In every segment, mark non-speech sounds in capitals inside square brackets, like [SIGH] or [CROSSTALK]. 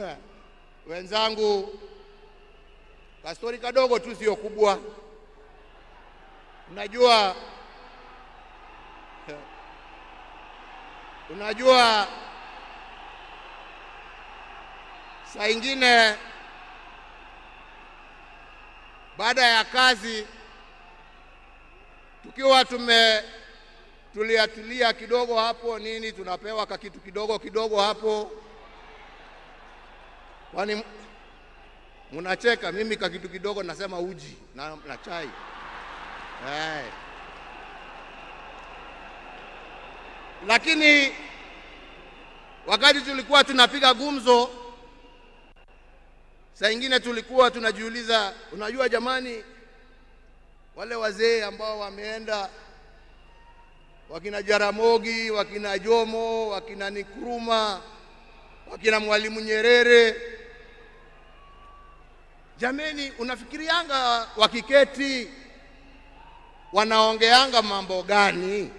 [LAUGHS] wenzangu, kastori kadogo tu, sio kubwa. Unajua, [LAUGHS] unajua saa ingine baada ya kazi tukiwa tume tulia kidogo hapo nini, tunapewa kakitu kidogo kidogo hapo Kwani mnacheka? Mimi kwa kitu kidogo nasema uji na, na chai hey. Lakini wakati tulikuwa tunapiga gumzo, saa ingine tulikuwa tunajiuliza, unajua jamani, wale wazee ambao wameenda wakina Jaramogi, wakina Jomo, wakina Nkrumah, wakina Mwalimu Nyerere Jameni, unafikirianga wakiketi wanaongeanga mambo gani?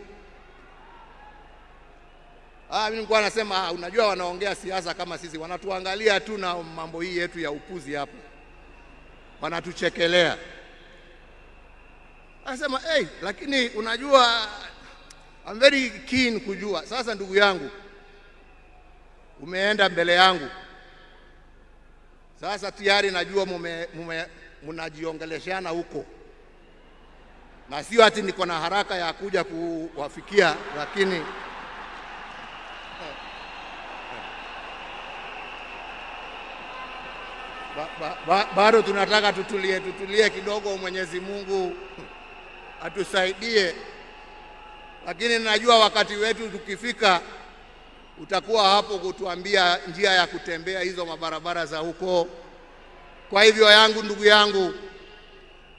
Ah, mimi nilikuwa nasema, ah, unajua wanaongea siasa kama sisi, wanatuangalia tu na mambo hii yetu ya upuzi hapa, wanatuchekelea. Anasema hey, lakini unajua I'm very keen kujua. Sasa ndugu yangu, umeenda mbele yangu sasa tayari najua mnajiongeleshana huko, na sio ati niko na haraka ya kuja kuwafikia, lakini bado ba, ba, tunataka tutulie, tutulie kidogo. Mwenyezi Mungu atusaidie, lakini najua wakati wetu tukifika utakuwa hapo kutuambia njia ya kutembea hizo mabarabara za huko. Kwa hivyo yangu, ndugu yangu,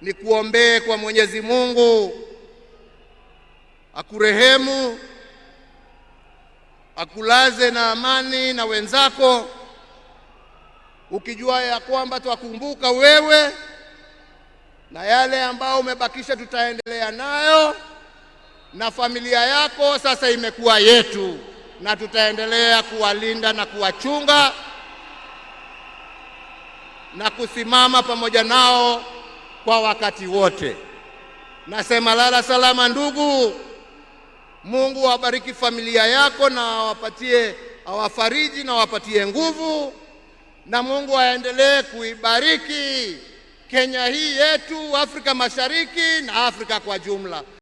nikuombee kwa Mwenyezi Mungu akurehemu, akulaze na amani na wenzako, ukijua ya kwamba twakumbuka wewe na yale ambayo umebakisha tutaendelea nayo, na familia yako sasa imekuwa yetu na tutaendelea kuwalinda na kuwachunga na kusimama pamoja nao kwa wakati wote. Nasema lala salama ndugu. Mungu awabariki familia yako na awapatie, awafariji na awapatie nguvu, na Mungu aendelee kuibariki Kenya hii yetu, Afrika Mashariki na Afrika kwa jumla.